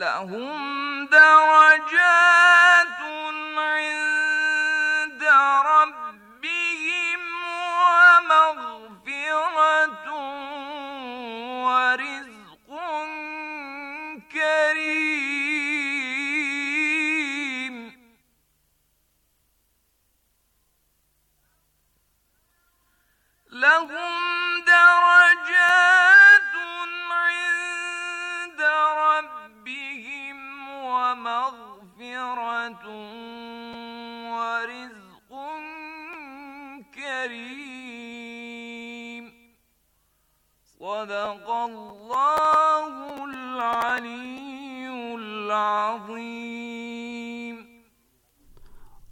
لهم درجات عند ربهم ومغفرة ورزق كريم لهم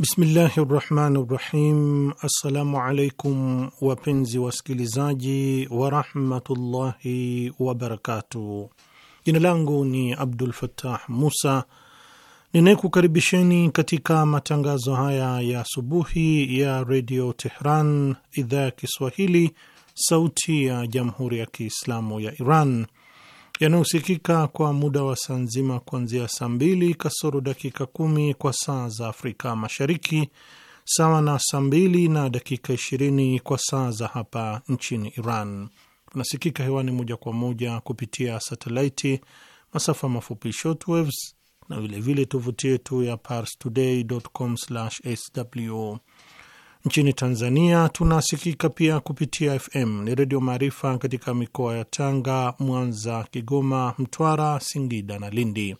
Bismillahi rahmani rahim. Assalamu alaikum wapenzi wasikilizaji warahmatullahi wabarakatuh. Jina langu ni Abdul Fattah Musa ninayekukaribisheni katika matangazo haya ya asubuhi ya redio Tehran idhaa ya Kiswahili sauti ya jamhuri ya Kiislamu ya Iran yanayosikika kwa muda wa saa nzima kuanzia saa mbili kasoro dakika kumi kwa saa za Afrika Mashariki, sawa na saa mbili na dakika ishirini kwa saa za hapa nchini Iran. Tunasikika hewani moja kwa moja kupitia satelaiti, masafa mafupi shortwaves na vilevile tovuti yetu ya parstoday.com/sw. Nchini Tanzania tunasikika pia kupitia FM ni Redio Maarifa katika mikoa ya Tanga, Mwanza, Kigoma, Mtwara, Singida na Lindi.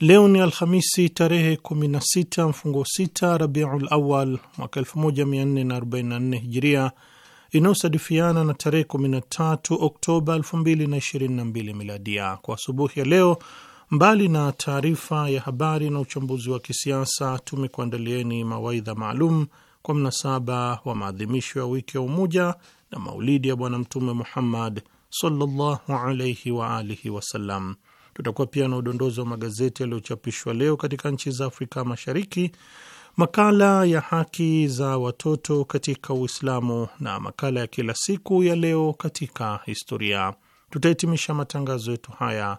Leo ni Alhamisi tarehe 16 mfungo 6 Rabiul Awal mwaka 1444 Hijiria, inayosadifiana na tarehe 13 Oktoba 2022 Miladia. Kwa asubuhi ya leo Mbali na taarifa ya habari na uchambuzi wa kisiasa, tumekuandalieni mawaidha maalum kwa mnasaba wa maadhimisho ya wiki ya Umoja na maulidi ya Bwana Mtume Muhammad sallallahu alaihi wa alihi wasallam. Tutakuwa pia na udondozi wa magazeti yaliyochapishwa leo katika nchi za Afrika Mashariki, makala ya haki za watoto katika Uislamu na makala ya kila siku ya leo katika historia. Tutahitimisha matangazo yetu haya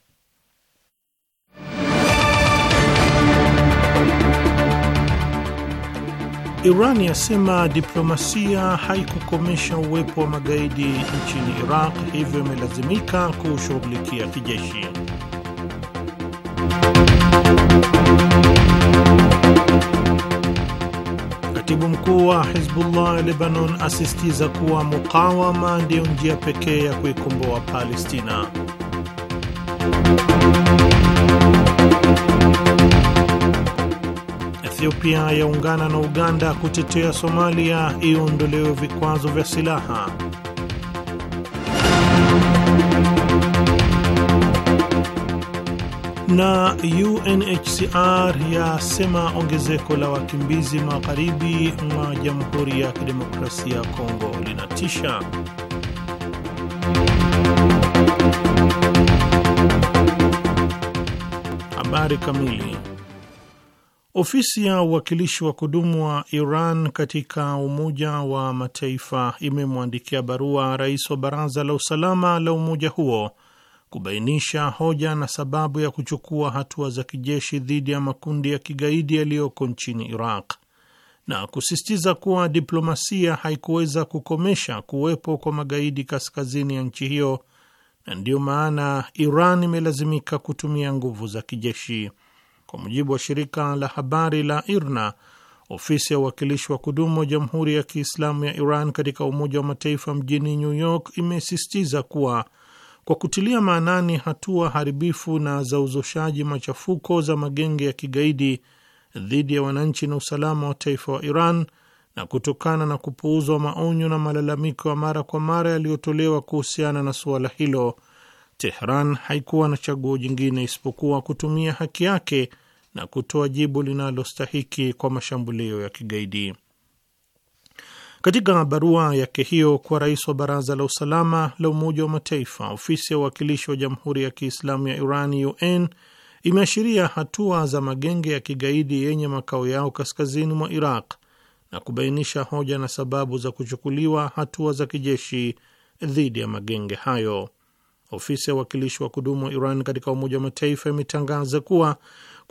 Iran yasema diplomasia haikukomesha uwepo wa magaidi nchini Iraq, hivyo imelazimika kushughulikia kijeshi. Katibu mkuu wa Hizbullah Lebanon asisitiza kuwa mukawama ndiyo njia pekee ya kuikomboa Palestina. Ethiopia yaungana na Uganda kutetea Somalia iondolewe vikwazo vya silaha. Na UNHCR yasema ongezeko la wakimbizi magharibi mwa Jamhuri ya Kidemokrasia ya Kongo linatisha. Habari kamili Ofisi ya uwakilishi wa kudumu wa Iran katika Umoja wa Mataifa imemwandikia barua rais wa Baraza la Usalama la umoja huo kubainisha hoja na sababu ya kuchukua hatua za kijeshi dhidi ya makundi ya kigaidi yaliyoko nchini Iraq na kusisitiza kuwa diplomasia haikuweza kukomesha kuwepo kwa magaidi kaskazini ya nchi hiyo, na ndiyo maana Iran imelazimika kutumia nguvu za kijeshi. Kwa mujibu wa shirika la habari la IRNA, ofisi ya uwakilishi wa kudumu wa Jamhuri ya Kiislamu ya Iran katika Umoja wa Mataifa mjini New York imesisitiza kuwa kwa kutilia maanani hatua haribifu na za uzushaji machafuko za magenge ya kigaidi dhidi ya wananchi na usalama wa taifa wa Iran na kutokana na kupuuzwa maonyo na malalamiko ya mara kwa mara yaliyotolewa kuhusiana na suala hilo, Tehran haikuwa na chaguo jingine isipokuwa kutumia haki yake na kutoa jibu linalostahiki kwa mashambulio ya kigaidi. Katika barua yake hiyo kwa rais wa Baraza la Usalama la Umoja wa Mataifa, ofisi ya uwakilishi wa Jamhuri ya Kiislamu ya Iran, UN, imeashiria hatua za magenge ya kigaidi yenye makao yao kaskazini mwa Iraq na kubainisha hoja na sababu za kuchukuliwa hatua za kijeshi dhidi ya magenge hayo. Ofisi ya uwakilishi wa kudumu wa Iran katika Umoja wa Mataifa imetangaza kuwa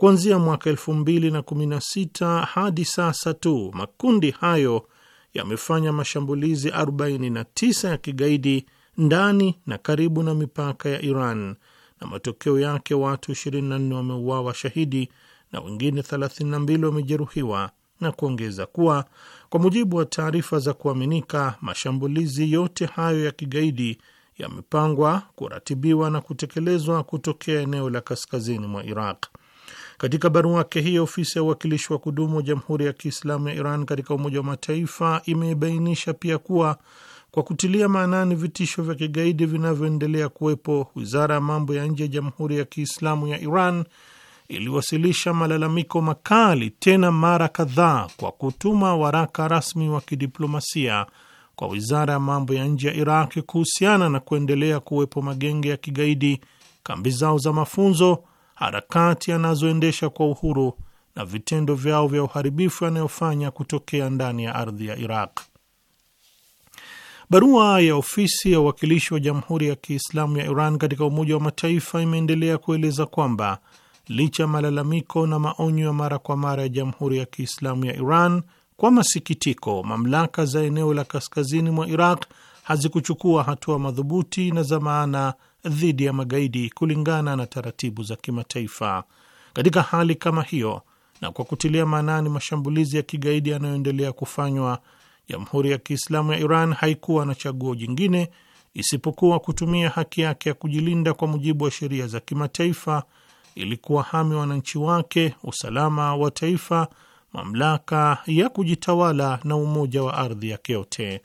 Kuanzia mwaka elfu mbili na kumi na sita hadi sasa tu makundi hayo yamefanya mashambulizi 49 ya kigaidi ndani na karibu na mipaka ya Iran na matokeo yake watu 24 wameuawa shahidi na wengine 32 wamejeruhiwa, na kuongeza kuwa kwa mujibu wa taarifa za kuaminika mashambulizi yote hayo ya kigaidi yamepangwa, kuratibiwa na kutekelezwa kutokea eneo la kaskazini mwa Iraq. Katika barua yake hiyo, ofisi ya uwakilishi wa kudumu wa Jamhuri ya Kiislamu ya Iran katika Umoja wa Mataifa imebainisha pia kuwa kwa kutilia maanani vitisho vya kigaidi vinavyoendelea kuwepo, wizara ya mambo ya nje ya Jamhuri ya Kiislamu ya Iran iliwasilisha malalamiko makali tena mara kadhaa kwa kutuma waraka rasmi wa kidiplomasia kwa wizara ya mambo ya nje ya Iraq kuhusiana na kuendelea kuwepo magenge ya kigaidi, kambi zao za mafunzo harakati anazoendesha kwa uhuru na vitendo vyao vya uharibifu yanayofanya kutokea ndani ya ardhi ya Iraq. Barua ya ofisi ya uwakilishi wa Jamhuri ya Kiislamu ya Iran katika Umoja wa Mataifa imeendelea kueleza kwamba licha ya malalamiko na maonyo ya mara kwa mara ya Jamhuri ya Kiislamu ya Iran, kwa masikitiko, mamlaka za eneo la kaskazini mwa Iraq hazikuchukua hatua madhubuti na za maana dhidi ya magaidi kulingana na taratibu za kimataifa. Katika hali kama hiyo, na kwa kutilia maanani mashambulizi ya kigaidi yanayoendelea kufanywa, Jamhuri ya Kiislamu ya Iran haikuwa na chaguo jingine isipokuwa kutumia haki yake ya kujilinda kwa mujibu wa sheria za kimataifa ili kuwahami wananchi wake, usalama wa taifa, mamlaka ya kujitawala na umoja wa ardhi yake yote.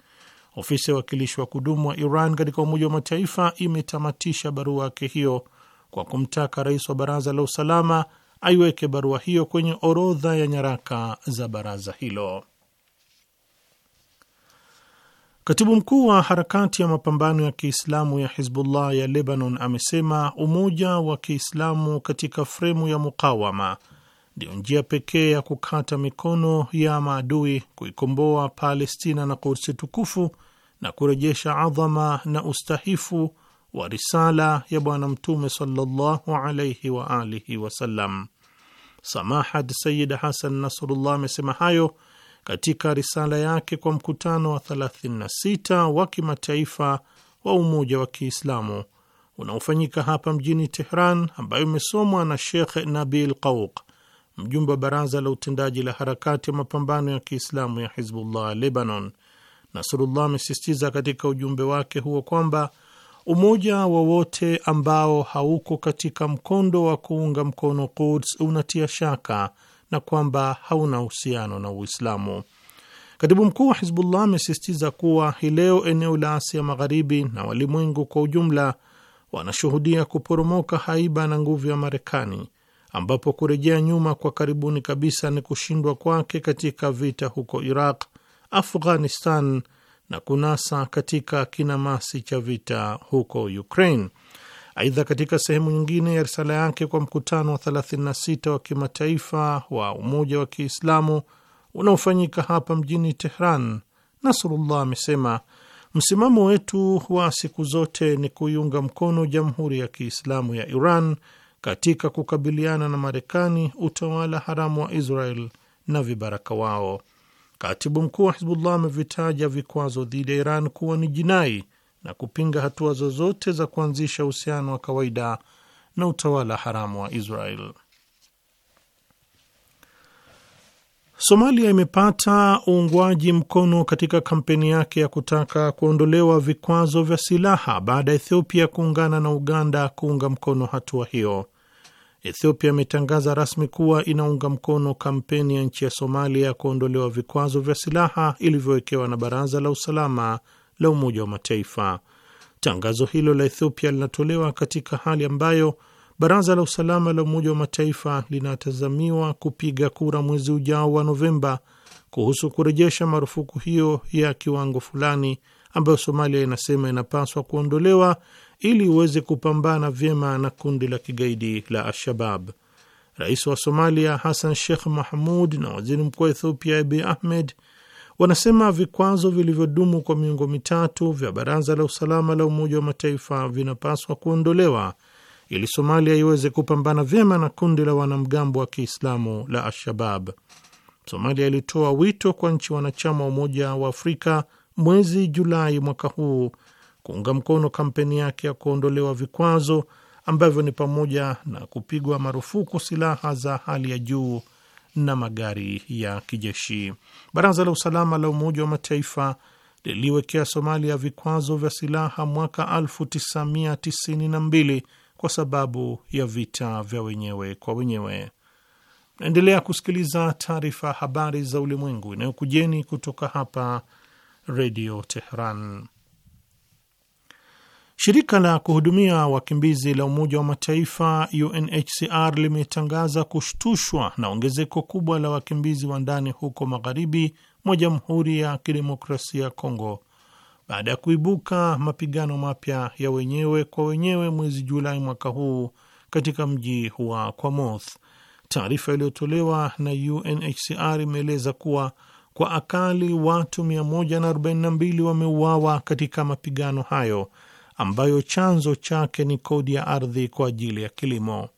Ofisi ya wakilishi wa kudumu wa Iran katika Umoja wa Mataifa imetamatisha barua yake hiyo kwa kumtaka rais wa Baraza la Usalama aiweke barua hiyo kwenye orodha ya nyaraka za baraza hilo. Katibu mkuu wa harakati ya mapambano ya Kiislamu ya Hizbullah ya Lebanon amesema umoja wa Kiislamu katika fremu ya mukawama ndiyo njia pekee ya kukata mikono ya maadui, kuikomboa Palestina na Kursi tukufu na kurejesha adhama na ustahifu wa risala ya Bwana Mtume sallallahu alaihi wa alihi wasallam. Samahad Sayid Hasan Nasrullah amesema hayo katika risala yake kwa mkutano wa 36 wa kimataifa wa Umoja wa Kiislamu unaofanyika hapa mjini Tehran, ambayo imesomwa na Shekh Nabil Qauq, mjumbe wa baraza la utendaji la harakati ya mapambano ya Kiislamu ya Hizbullah Lebanon. Nasrullah amesisitiza katika ujumbe wake huo kwamba umoja wowote ambao hauko katika mkondo wa kuunga mkono Quds unatia shaka na kwamba hauna uhusiano na Uislamu. Katibu mkuu wa Hizbullah amesisitiza kuwa hii leo eneo la Asia Magharibi na walimwengu kwa ujumla wanashuhudia kuporomoka haiba na nguvu ya Marekani, ambapo kurejea nyuma kwa karibuni kabisa ni kushindwa kwake katika vita huko Iraq Afghanistan na kunasa katika kinamasi cha vita huko Ukraine. Aidha, katika sehemu nyingine ya risala yake kwa mkutano wa 36 wa kimataifa wa Umoja wa Kiislamu unaofanyika hapa mjini Tehran, Nasrullah amesema msimamo wetu wa siku zote ni kuiunga mkono Jamhuri ya Kiislamu ya Iran katika kukabiliana na Marekani, utawala haramu wa Israel na vibaraka wao. Katibu mkuu wa Hizbullah amevitaja vikwazo dhidi ya Iran kuwa ni jinai na kupinga hatua zozote za kuanzisha uhusiano wa kawaida na utawala haramu wa Israel. Somalia imepata uungwaji mkono katika kampeni yake ya kutaka kuondolewa vikwazo vya silaha baada ya Ethiopia kuungana na Uganda kuunga mkono hatua hiyo. Ethiopia imetangaza rasmi kuwa inaunga mkono kampeni ya nchi ya Somalia ya kuondolewa vikwazo vya silaha ilivyowekewa na Baraza la Usalama la Umoja wa Mataifa. Tangazo hilo la Ethiopia linatolewa katika hali ambayo Baraza la Usalama la Umoja wa Mataifa linatazamiwa kupiga kura mwezi ujao wa Novemba kuhusu kurejesha marufuku hiyo ya kiwango fulani ambayo Somalia inasema inapaswa kuondolewa ili uweze kupambana vyema na kundi la kigaidi la Al-Shabab. Rais wa Somalia Hassan Sheikh Mahmud na waziri mkuu wa Ethiopia Abiy Ahmed wanasema vikwazo vilivyodumu kwa miongo mitatu vya Baraza la Usalama la Umoja wa Mataifa vinapaswa kuondolewa ili Somalia iweze kupambana vyema na kundi la wanamgambo wa Kiislamu la Al-Shabab. Somalia ilitoa wito kwa nchi wanachama wa Umoja wa Afrika mwezi Julai mwaka huu kuunga mkono kampeni yake ya kuondolewa vikwazo ambavyo ni pamoja na kupigwa marufuku silaha za hali ya juu na magari ya kijeshi. Baraza la Usalama la Umoja wa Mataifa liliwekea Somalia vikwazo vya silaha mwaka 1992 kwa sababu ya vita vya wenyewe kwa wenyewe. Naendelea kusikiliza taarifa habari za ulimwengu inayokujeni kutoka hapa Redio Teheran. Shirika la kuhudumia wakimbizi la Umoja wa Mataifa UNHCR limetangaza kushtushwa na ongezeko kubwa la wakimbizi wa ndani huko magharibi mwa Jamhuri ya Kidemokrasia ya Kongo baada ya kuibuka mapigano mapya ya wenyewe kwa wenyewe mwezi Julai mwaka huu katika mji wa Kwamoth. Taarifa iliyotolewa na UNHCR imeeleza kuwa kwa akali watu 142 wameuawa katika mapigano hayo ambayo chanzo chake ni kodi ya ardhi kwa ajili ya kilimo.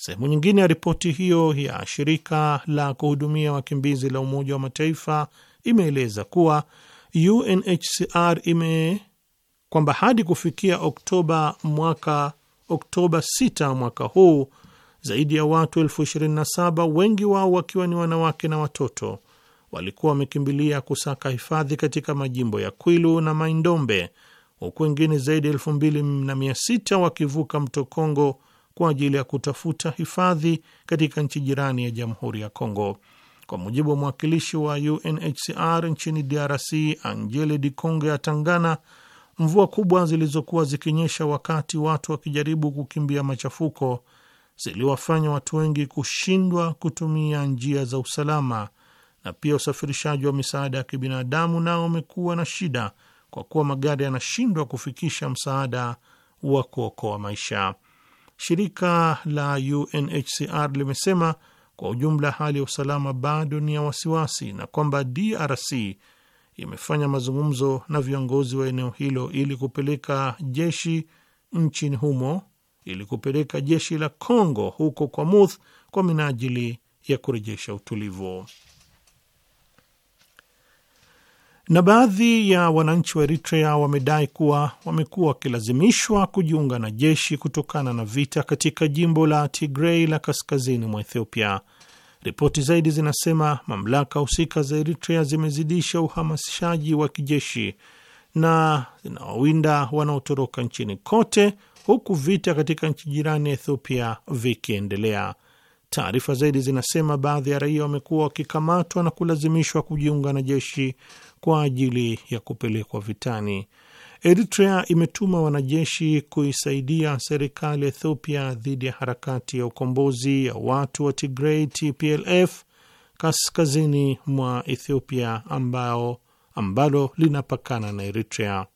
Sehemu nyingine ya ripoti hiyo ya shirika la kuhudumia wakimbizi la Umoja wa Mataifa imeeleza kuwa UNHCR ime kwamba hadi kufikia Oktoba mwaka Oktoba 6 mwaka huu zaidi ya watu elfu 27 wengi wao wakiwa ni wanawake na watoto walikuwa wamekimbilia kusaka hifadhi katika majimbo ya Kwilu na Maindombe huku wengine zaidi ya elfu mbili na mia sita wakivuka mto Kongo kwa ajili ya kutafuta hifadhi katika nchi jirani ya Jamhuri ya Kongo. Kwa mujibu wa mwakilishi wa UNHCR nchini DRC Angele conge Atangana, mvua kubwa zilizokuwa zikinyesha wakati watu wakijaribu kukimbia machafuko ziliwafanya watu wengi kushindwa kutumia njia za usalama, na pia usafirishaji wa misaada ya kibinadamu nao umekuwa na shida kwa kuwa magari yanashindwa kufikisha msaada wa kuokoa maisha. Shirika la UNHCR limesema kwa ujumla hali ya usalama bado ni ya wasiwasi na kwamba DRC imefanya mazungumzo na viongozi wa eneo hilo ili kupeleka jeshi nchini humo ili kupeleka jeshi la congo huko kwa Muth kwa minajili ya kurejesha utulivu na baadhi ya wananchi wa Eritrea wamedai kuwa wamekuwa wakilazimishwa kujiunga na jeshi kutokana na vita katika jimbo la Tigrei la kaskazini mwa Ethiopia. Ripoti zaidi zinasema mamlaka husika za Eritrea zimezidisha uhamasishaji wa kijeshi na zinawawinda wanaotoroka nchini kote, huku vita katika nchi jirani ya Ethiopia vikiendelea. Taarifa zaidi zinasema baadhi ya raia wamekuwa wakikamatwa na kulazimishwa kujiunga na jeshi kwa ajili ya kupelekwa vitani. Eritrea imetuma wanajeshi kuisaidia serikali ya Ethiopia dhidi ya harakati ya ukombozi ya watu wa Tigrei, TPLF, kaskazini mwa Ethiopia ambao ambalo linapakana na Eritrea.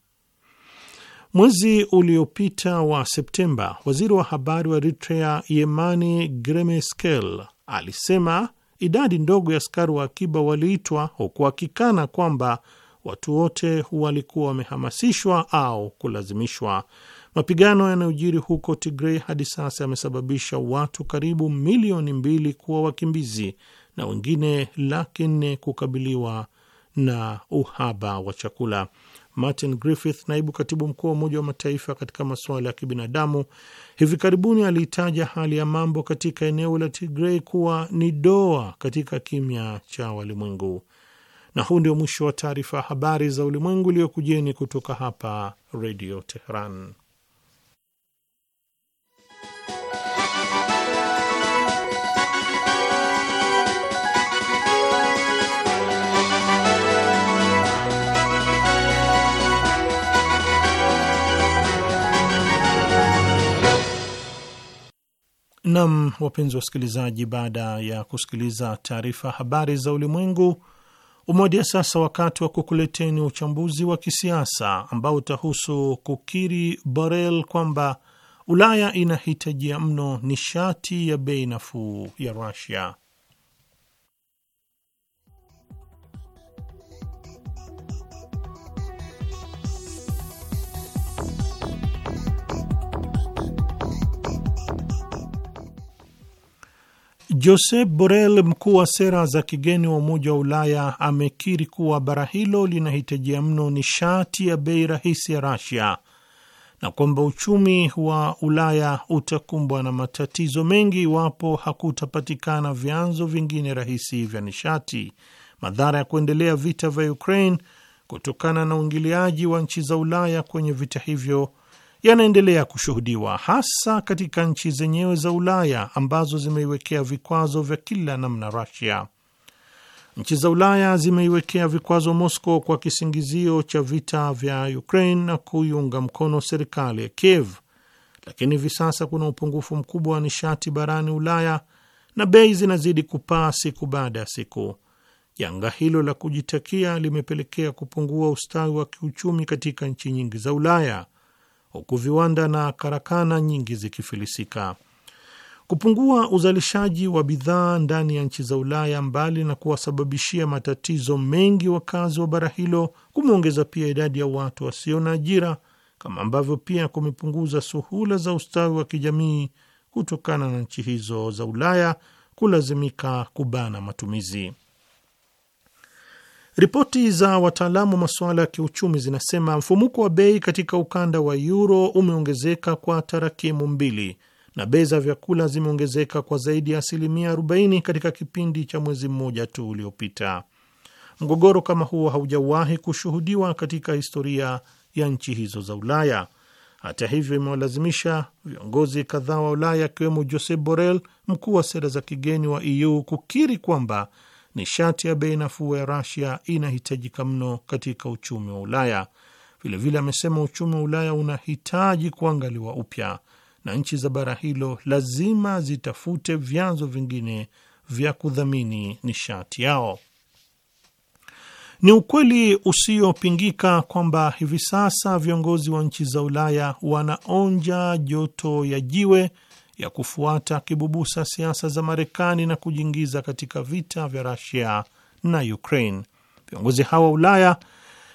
Mwezi uliopita wa Septemba, waziri wa habari wa Eritrea Yemani Gremeskel alisema idadi ndogo ya askari wa akiba waliitwa, huku kwamba watu wote walikuwa wamehamasishwa au kulazimishwa. Mapigano yanayojiri huko tigrei hadi sasa yamesababisha watu karibu milioni mbili kuwa wakimbizi na wengine laki nne kukabiliwa na uhaba wa chakula. Martin Griffith, naibu katibu mkuu wa Umoja wa Mataifa katika masuala ya kibinadamu, hivi karibuni aliitaja hali ya mambo katika eneo la Tigrei kuwa ni doa katika kimya cha walimwengu. Na huu ndio mwisho wa taarifa ya habari za ulimwengu iliyokujeni kutoka hapa Redio Teheran. Nam, wapenzi wasikilizaji, baada ya kusikiliza taarifa habari za ulimwengu, umoja sasa wakati wa kukuleteni uchambuzi wa kisiasa ambao utahusu kukiri Borel kwamba Ulaya inahitajia mno nishati ya bei nafuu ya Rusia. Josep Borrell, mkuu wa sera za kigeni wa Umoja wa Ulaya, amekiri kuwa bara hilo linahitajia mno nishati ya bei rahisi ya Rasia na kwamba uchumi wa Ulaya utakumbwa na matatizo mengi iwapo hakutapatikana vyanzo vingine rahisi vya nishati. Madhara ya kuendelea vita vya Ukraine kutokana na uingiliaji wa nchi za Ulaya kwenye vita hivyo yanaendelea kushuhudiwa hasa katika nchi zenyewe za Ulaya ambazo zimeiwekea vikwazo vya kila namna rasia Nchi za Ulaya zimeiwekea vikwazo Moscow kwa kisingizio cha vita vya Ukraine na kuiunga mkono serikali ya Kiev, lakini hivi sasa kuna upungufu mkubwa wa nishati barani Ulaya na bei zinazidi kupaa siku baada ya siku. Janga hilo la kujitakia limepelekea kupungua ustawi wa kiuchumi katika nchi nyingi za Ulaya huku viwanda na karakana nyingi zikifilisika. Kupungua uzalishaji wa bidhaa ndani ya nchi za Ulaya, mbali na kuwasababishia matatizo mengi wakazi wa bara hilo, kumeongeza pia idadi ya watu wasio na ajira, kama ambavyo pia kumepunguza suhula za ustawi wa kijamii kutokana na nchi hizo za Ulaya kulazimika kubana matumizi. Ripoti za wataalamu wa masuala ya kiuchumi zinasema mfumuko wa bei katika ukanda wa Euro umeongezeka kwa tarakimu mbili na bei za vyakula zimeongezeka kwa zaidi ya asilimia 40 katika kipindi cha mwezi mmoja tu uliopita. Mgogoro kama huo haujawahi kushuhudiwa katika historia ya nchi hizo za Ulaya. Hata hivyo, imewalazimisha viongozi kadhaa wa Ulaya akiwemo Josep Borrell, mkuu wa sera za kigeni wa EU, kukiri kwamba nishati ya bei nafuu ya Rasia inahitajika mno katika uchumi wa Ulaya. Vilevile amesema uchumi wa Ulaya unahitaji kuangaliwa upya na nchi za bara hilo lazima zitafute vyanzo vingine vya kudhamini nishati yao. Ni ukweli usiopingika kwamba hivi sasa viongozi wa nchi za Ulaya wanaonja joto ya jiwe ya kufuata kibubusa siasa za Marekani na kujiingiza katika vita vya Rusia na Ukraine. Viongozi hawa wa Ulaya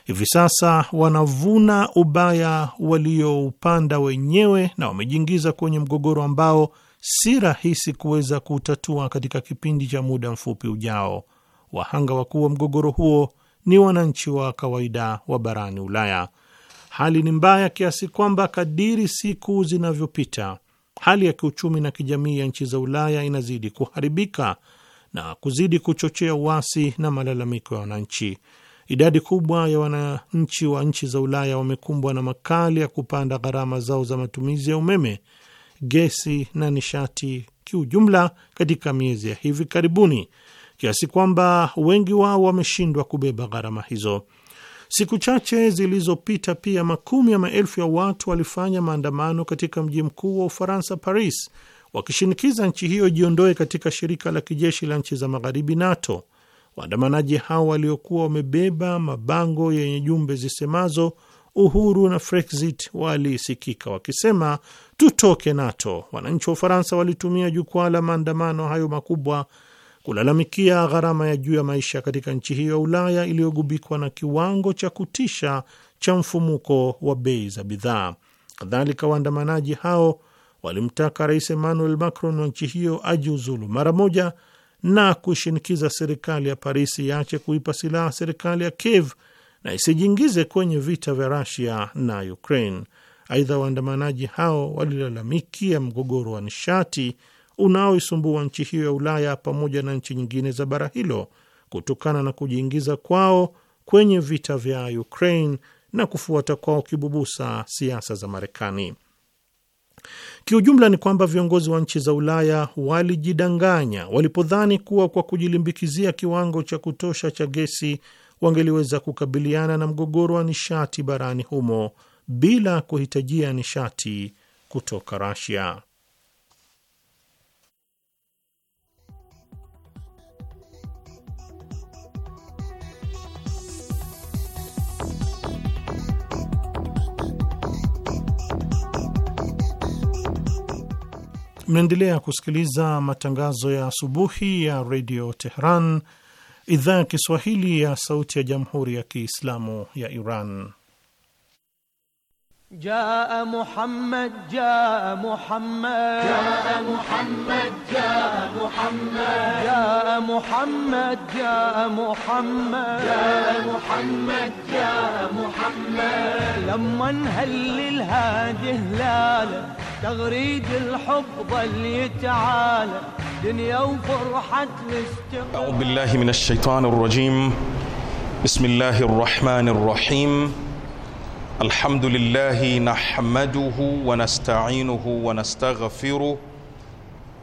hivi sasa wanavuna ubaya walioupanda wenyewe na wamejiingiza kwenye mgogoro ambao si rahisi kuweza kutatua katika kipindi cha muda mfupi ujao. Wahanga wakuu wa mgogoro huo ni wananchi wa kawaida wa barani Ulaya. Hali ni mbaya kiasi kwamba kadiri siku zinavyopita hali ya kiuchumi na kijamii ya nchi za Ulaya inazidi kuharibika na kuzidi kuchochea uasi na malalamiko ya wananchi. Idadi kubwa ya wananchi wa nchi za Ulaya wamekumbwa na makali ya kupanda gharama zao za matumizi ya umeme, gesi na nishati kiujumla katika miezi ya hivi karibuni, kiasi kwamba wengi wao wameshindwa kubeba gharama hizo. Siku chache zilizopita pia makumi ya maelfu ya watu walifanya maandamano katika mji mkuu wa Ufaransa, Paris, wakishinikiza nchi hiyo ijiondoe katika shirika la kijeshi la nchi za magharibi NATO. Waandamanaji hao waliokuwa wamebeba mabango yenye jumbe zisemazo uhuru na Frexit walisikika wakisema tutoke NATO. Wananchi wa Ufaransa walitumia jukwaa la maandamano hayo makubwa kulalamikia gharama ya juu ya maisha katika nchi hiyo ya Ulaya iliyogubikwa na kiwango cha kutisha cha mfumuko wa bei za bidhaa. Kadhalika, waandamanaji hao walimtaka Rais Emmanuel Macron wa nchi hiyo ajiuzulu mara moja na kushinikiza serikali ya Paris iache kuipa silaha serikali ya Kiev na isijiingize kwenye vita vya Rusia na Ukraine. Aidha, waandamanaji hao walilalamikia mgogoro wa nishati unaoisumbua nchi hiyo ya Ulaya pamoja na nchi nyingine za bara hilo kutokana na kujiingiza kwao kwenye vita vya Ukraine na kufuata kwao kibubusa siasa za Marekani. Kiujumla ni kwamba viongozi wa nchi za Ulaya walijidanganya walipodhani kuwa kwa kujilimbikizia kiwango cha kutosha cha gesi wangeliweza kukabiliana na mgogoro wa nishati barani humo bila kuhitajia nishati kutoka Rasia. Mnaendelea kusikiliza matangazo ya asubuhi ya redio Tehran, idhaa ya Kiswahili ya sauti ya jamhuri ya kiislamu ya Iran. Jaa Muhammad, jaa Muhammad, jaa Muhammad, jaa Muhammad, jaa Muhammad, jaa Muhammad, lamman halil hadi hilala تغريد الحب ظل يتعالى دنيا وفرحة الاستقبال أعوذ بالله من الشيطان الرجيم بسم الله الرحمن الرحيم الحمد لله نحمده ونستعينه ونستغفره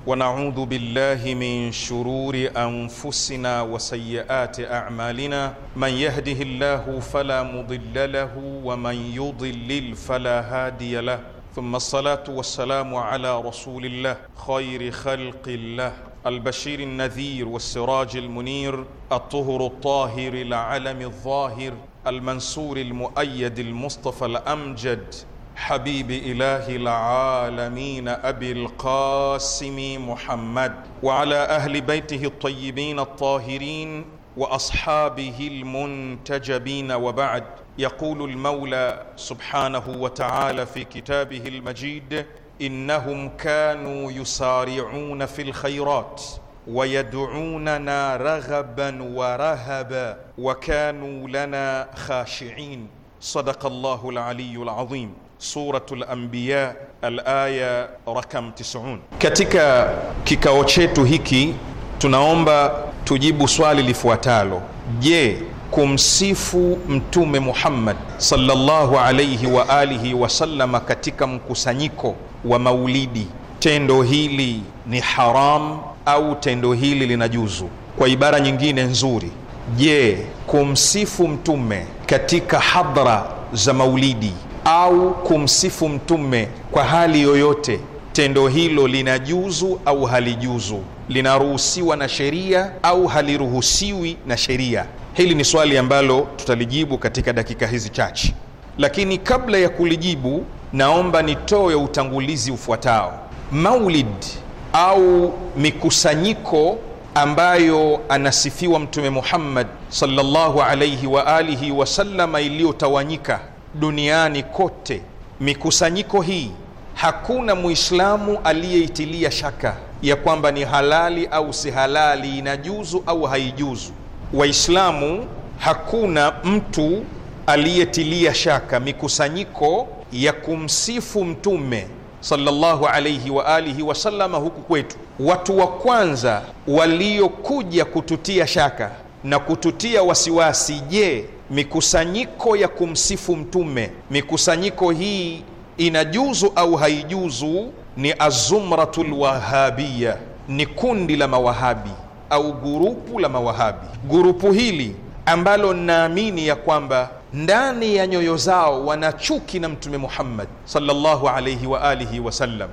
ونعوذ بالله من شرور انفسنا وسيئات اعمالنا من يهده الله فلا مضل له ومن يضلل فلا هادي له ثم الصلاة والسلام على رسول الله خير خلق الله البشير النذير والسراج المنير الطهر الطاهر العلم الظاهر المنصور المؤيد المصطفى الأمجد حبيب إله العالمين أبي القاسم محمد وعلى أهل بيته الطيبين الطاهرين وأصحابه المنتجبين وبعد يقول المولى سبحانه وتعالى في كتابه المجيد انهم كانوا يسارعون في الخيرات ويدعوننا رغبا ورهبا وكانوا لنا خاشعين صدق الله العلي العظيم سورة الأنبياء الآية رقم 90 katika kikao chetu hiki tunaomba tujibu swali lifuatalo je kumsifu Mtume Muhammad sallallahu alayhi wa alihi wasallama katika mkusanyiko wa maulidi, tendo hili ni haram au tendo hili linajuzu? Kwa ibara nyingine nzuri, je, kumsifu Mtume katika hadhara za maulidi au kumsifu Mtume kwa hali yoyote, tendo hilo linajuzu au halijuzu? Linaruhusiwa na sheria au haliruhusiwi na sheria? Hili ni swali ambalo tutalijibu katika dakika hizi chache, lakini kabla ya kulijibu, naomba nitoe utangulizi ufuatao. Maulid au mikusanyiko ambayo anasifiwa Mtume Muhammad sallallahu alayhi wa alihi wasallama iliyotawanyika duniani kote, mikusanyiko hii hakuna Muislamu aliyeitilia shaka ya kwamba ni halali au si halali, inajuzu au haijuzu Waislamu hakuna mtu aliyetilia shaka mikusanyiko ya kumsifu Mtume sallallahu alayhi wa alihi wasallama huku kwetu. Watu wa kwanza waliokuja kututia shaka na kututia wasiwasi, je, mikusanyiko ya kumsifu Mtume, mikusanyiko hii inajuzu au haijuzu? Ni azumratul wahabiya, ni kundi la mawahabi au gurupu la mawahabi. Gurupu hili ambalo naamini ya kwamba ndani ya nyoyo zao wana chuki na Mtume Muhammad sallallahu alaihi wa alihi wasallam,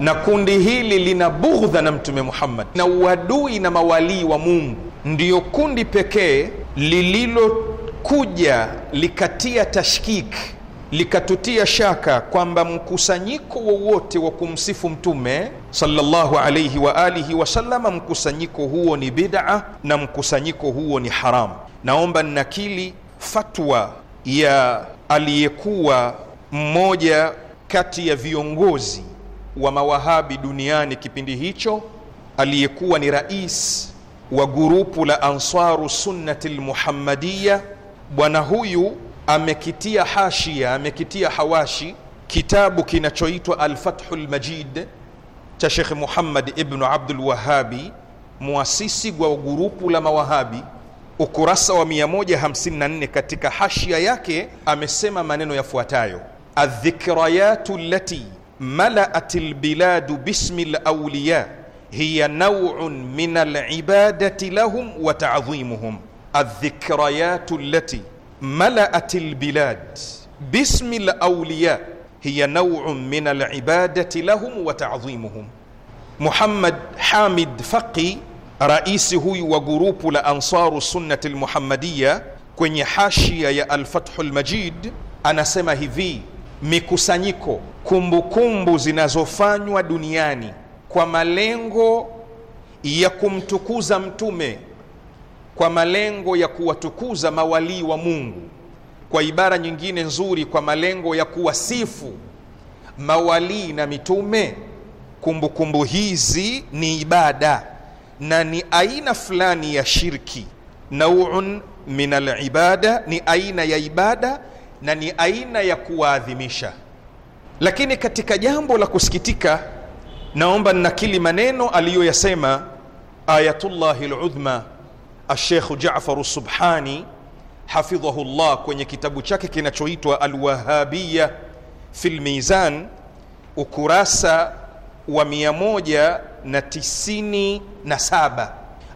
na kundi hili lina bughdha na Mtume Muhammad na uadui na mawalii wa Mungu, ndiyo kundi pekee lililokuja likatia tashkiki likatutia shaka kwamba mkusanyiko wowote wa, kumsifu Mtume sallallahu alaihi wa alihi wasallama, mkusanyiko huo ni bid'a na mkusanyiko huo ni haramu. Naomba nnakili fatwa ya aliyekuwa mmoja kati ya viongozi wa mawahabi duniani kipindi hicho, aliyekuwa ni rais wa gurupu la Ansaru Sunnati Lmuhammadiya. Bwana huyu amekitia hashia, amekitia hawashi kitabu kinachoitwa Alfathu Lmajid cha Shekh Muhammad Ibnu Abdul Wahabi, muasisi wa gurupu la Mawahabi, ukurasa wa 154 katika hashia yake amesema maneno yafuatayo: aldhikrayatu lati malaat lbiladu bismi lawliya hiya nauun min alibadati lahum wa taadhimuhum aldhikrayatu lati malaat lbilad bismi lauliya hiya nauun min alibadati lahum wa tadhimuhum. Muhammad Hamid Faqi, raisi huyu wa gurupu la Ansaru Sunnati Lmuhammadiya, kwenye hashia ya Alfathu Lmajid anasema hivi: mikusanyiko, kumbukumbu zinazofanywa duniani kwa malengo ya kumtukuza Mtume kwa malengo ya kuwatukuza mawalii wa Mungu, kwa ibara nyingine nzuri, kwa malengo ya kuwasifu mawalii na mitume. Kumbukumbu kumbu hizi ni ibada na ni aina fulani ya shirki, nauun min alibada, ni aina ya ibada na ni aina ya kuwaadhimisha. Lakini katika jambo la kusikitika, naomba nnakili maneno aliyoyasema Ayatullahi Ludhma Ashekhu Jafaru Subhani hafidhahu llah kwenye kitabu chake kinachoitwa Alwahabiya fi lmizan ukurasa wa 197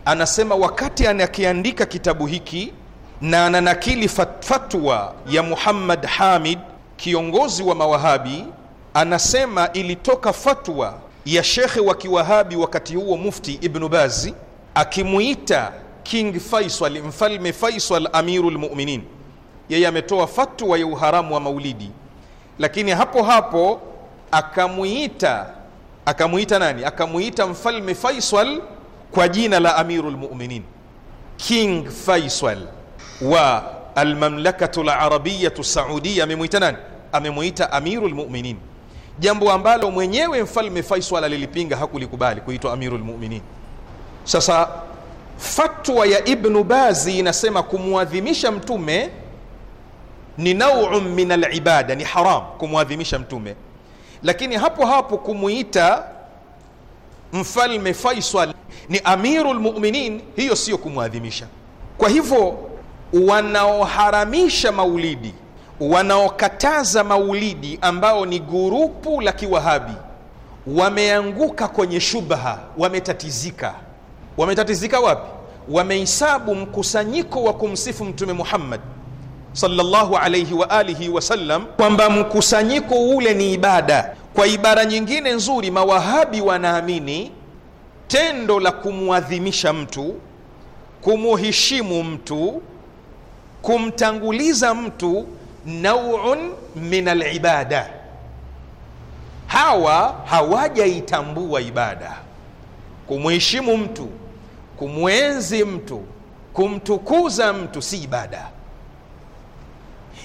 anasema wakati anakiandika kitabu hiki na ananakili fatwa ya Muhammad Hamid kiongozi wa mawahabi anasema ilitoka fatwa ya shekhe wa kiwahabi wakati huo mufti Ibnu Bazi akimwita King Faisal, mfalme Faisal amirul mu'minin, yeye ametoa fatwa ya uharamu wa maulidi, lakini hapo hapo akamuita akamuita nani? Akamuita mfalme Faisal kwa jina la amirul mu'minin, King Faisal wa almamlakatu larabiyatu saudia, amemuita nani? Amemuita amirul mu'minin, jambo ambalo mwenyewe mfalme Faisal alilipinga, hakulikubali kuitwa amirul mu'minin. Sasa Fatwa ya Ibnu Bazi inasema kumwadhimisha mtume ni nauu min alibada, ni haram kumwadhimisha mtume. Lakini hapo hapo kumuita mfalme Faisal ni amiru lmuminin, hiyo sio kumwadhimisha. Kwa hivyo wanaoharamisha maulidi, wanaokataza maulidi, ambao ni gurupu la Kiwahabi, wameanguka kwenye shubha, wametatizika wametatizika wapi? Wamehesabu mkusanyiko wa kumsifu Mtume Muhammad sallallahu alayhi wa alihi wasallam, kwamba mkusanyiko ule ni ibada. Kwa ibara nyingine nzuri, mawahabi wanaamini tendo la kumwadhimisha mtu, kumuheshimu mtu, kumtanguliza mtu nauun min alibada. Hawa hawajaitambua ibada, kumuheshimu mtu kumwenzi mtu kumtukuza mtu si ibada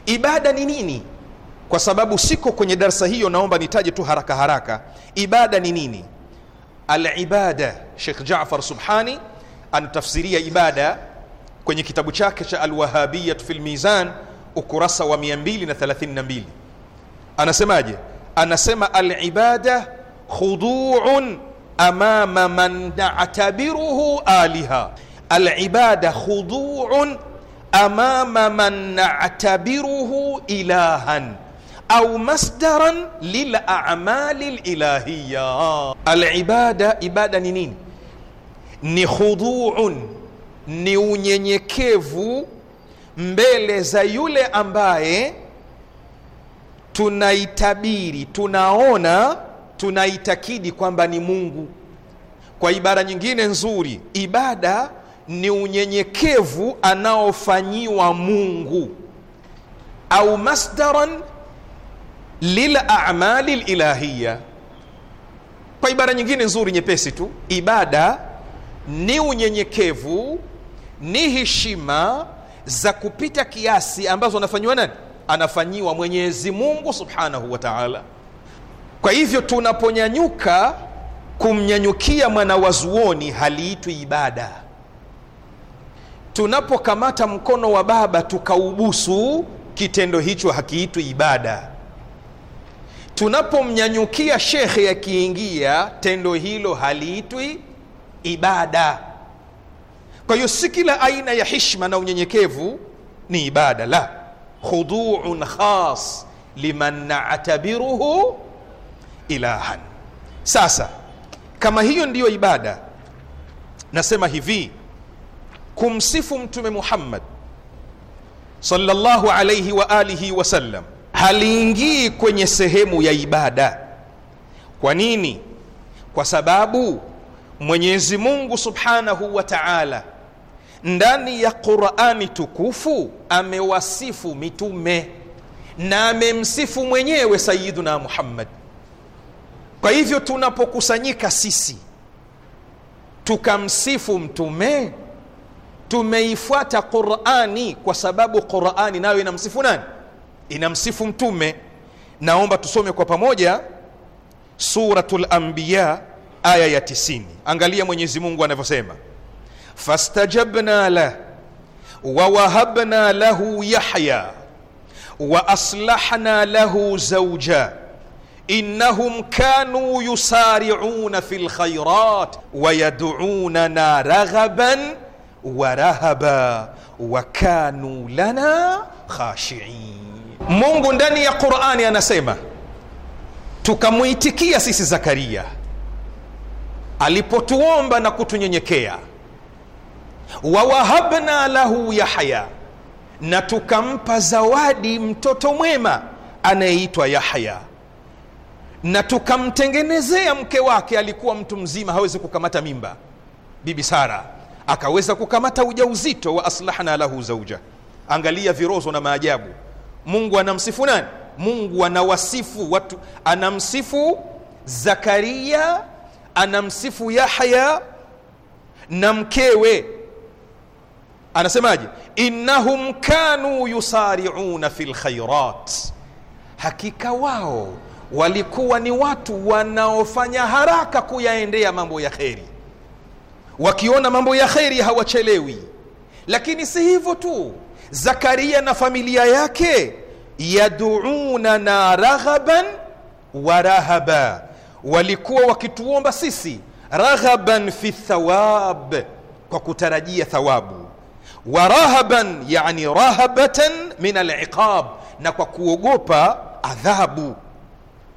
ibada ni nini kwa sababu siko kwenye darsa hiyo naomba nitaje tu haraka haraka ibada ni nini alibada shekh jafar subhani anatafsiria ibada kwenye kitabu chake cha alwahabiyat fi lmizan ukurasa wa 232 anasemaje anasema alibada khuduun amama man natabiruhu aliha. Alibada khuduun amama man natabiruhu ilahan au masdaran lil amali lilahiya. Alibada, ibada ni nini? Ni khuduun, ni unyenyekevu mbele za yule ambaye tunaitabiri, tunaona tunaitakidi kwamba ni Mungu. Kwa ibara nyingine nzuri, ibada ni unyenyekevu anaofanyiwa Mungu au masdaran lil a'mali lilahiya. Kwa ibara nyingine nzuri nyepesi tu, ibada ni unyenyekevu, ni heshima za kupita kiasi ambazo anafanyiwa nani? Anafanyiwa Mwenyezi Mungu subhanahu wa ta'ala. Kwa hivyo tunaponyanyuka kumnyanyukia mwanawazuoni haliitwi ibada. Tunapokamata mkono wa baba tukaubusu, kitendo hicho hakiitwi ibada. Tunapomnyanyukia shekhe akiingia, tendo hilo haliitwi ibada. Kwa hiyo si kila aina ya hishma na unyenyekevu ni ibada, la khuduun khas liman natabiruhu ilahan. Sasa kama hiyo ndiyo ibada, nasema hivi kumsifu Mtume Muhammad sallallahu alayhi wa alihi wasallam haliingii kwenye sehemu ya ibada. Kwa nini? Kwa sababu Mwenyezi Mungu subhanahu wa taala ndani ya Qurani tukufu amewasifu mitume na amemsifu mwenyewe Sayiduna Muhammad kwa hivyo tunapokusanyika sisi tukamsifu mtume tumeifuata qurani kwa sababu qurani nayo inamsifu nani inamsifu mtume naomba tusome kwa pamoja suratul anbiya aya ya 90 angalia mwenyezi mungu anavyosema fastajabna lah wawahabna lahu yahya wa aslahna lahu zauja innahum kanu yusari'una fil khairat wa yad'unana raghaban wa rahaba wa kanu lana khashi'in. Mungu ndani ya Qur'ani anasema tukamwitikia sisi Zakaria alipotuomba na kutunyenyekea, wawahabna lahu Yahya, na tukampa zawadi mtoto mwema anayeitwa Yahya na tukamtengenezea mke wake, alikuwa mtu mzima, hawezi kukamata mimba. Bibi Sara akaweza kukamata ujauzito wa aslahna lahu zauja. Angalia virozo na maajabu. Mungu anamsifu nani? Mungu anawasifu watu, anamsifu Zakaria, anamsifu Yahya na mkewe anasemaje? innahum kanu yusariuna fi lkhairat, hakika wao walikuwa ni watu wanaofanya haraka kuyaendea mambo ya kheri, wakiona mambo ya kheri hawachelewi. Lakini si hivyo tu, Zakaria na familia yake, na raghaban wa rahaba, walikuwa wakituomba sisi raghaban fi thawab, kwa kutarajia thawabu, wa rahaban yani rahabatan min aliqab, na kwa kuogopa adhabu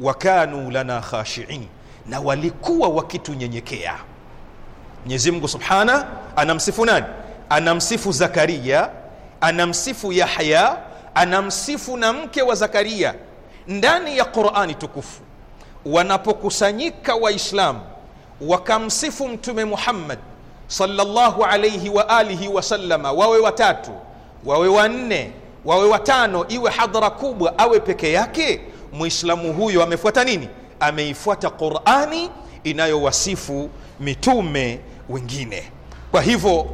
wakanu lana khashiin, na walikuwa wakitunyenyekea. Mwenyezi Mungu subhana anamsifu nani? Anamsifu Zakaria, anamsifu Yahya, anamsifu na mke wa Zakaria ndani ya Qurani tukufu. Wanapokusanyika Waislamu wakamsifu Mtume Muhammad sallallahu alaihi wa alihi wasallama, wawe watatu, wawe wanne, wawe watano, iwe hadhara kubwa, awe peke yake muislamu huyo amefuata nini ameifuata qurani inayowasifu mitume wengine kwa hivyo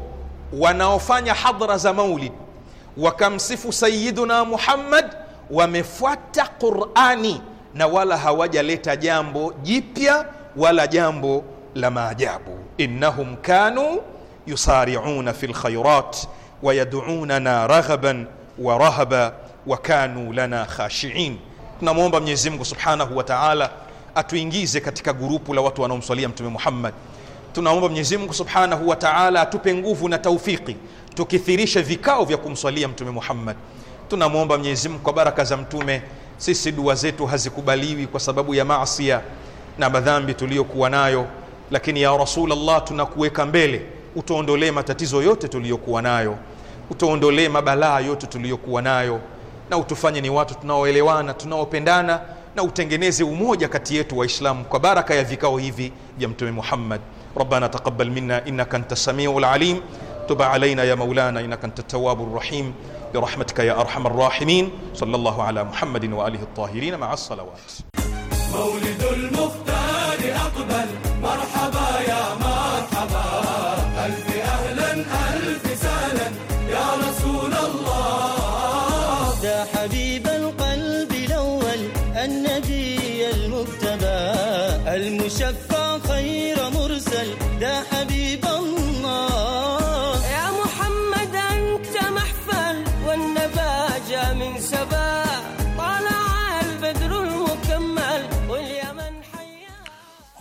wanaofanya hadhara za maulid wakamsifu sayiduna muhammad wamefuata qurani na wala hawajaleta jambo jipya wala jambo la maajabu innahum kanu yusariuna fi lkhairat wayadunana raghaban wa rahaba wa kanu lana khashiin tunamwomba mwenyezi mungu subhanahu wa taala atuingize katika gurupu la watu wanaomswalia mtume muhammad tunaomba mwenyezi mungu subhanahu wa taala atupe nguvu na taufiki tukithirishe vikao vya kumswalia mtume muhammad tunamwomba mwenyezi mungu kwa baraka za mtume sisi dua zetu hazikubaliwi kwa sababu ya maasia na madhambi tuliyokuwa nayo lakini ya rasulllah tunakuweka mbele utuondolee matatizo yote tuliyokuwa nayo utuondolee mabalaa yote tuliyokuwa nayo na utufanye ni watu tunaoelewana tunaopendana na utengeneze umoja kati yetu waislamu kwa baraka ya vikao hivi vya mtume muhammad ربنا تقبل منا انك انت السميع العليم تب علينا يا مولانا انك انت التواب الرحيم برحمتك يا ارحم الراحمين صلى الله على محمد واله الطاهرين مع الصلوات مولد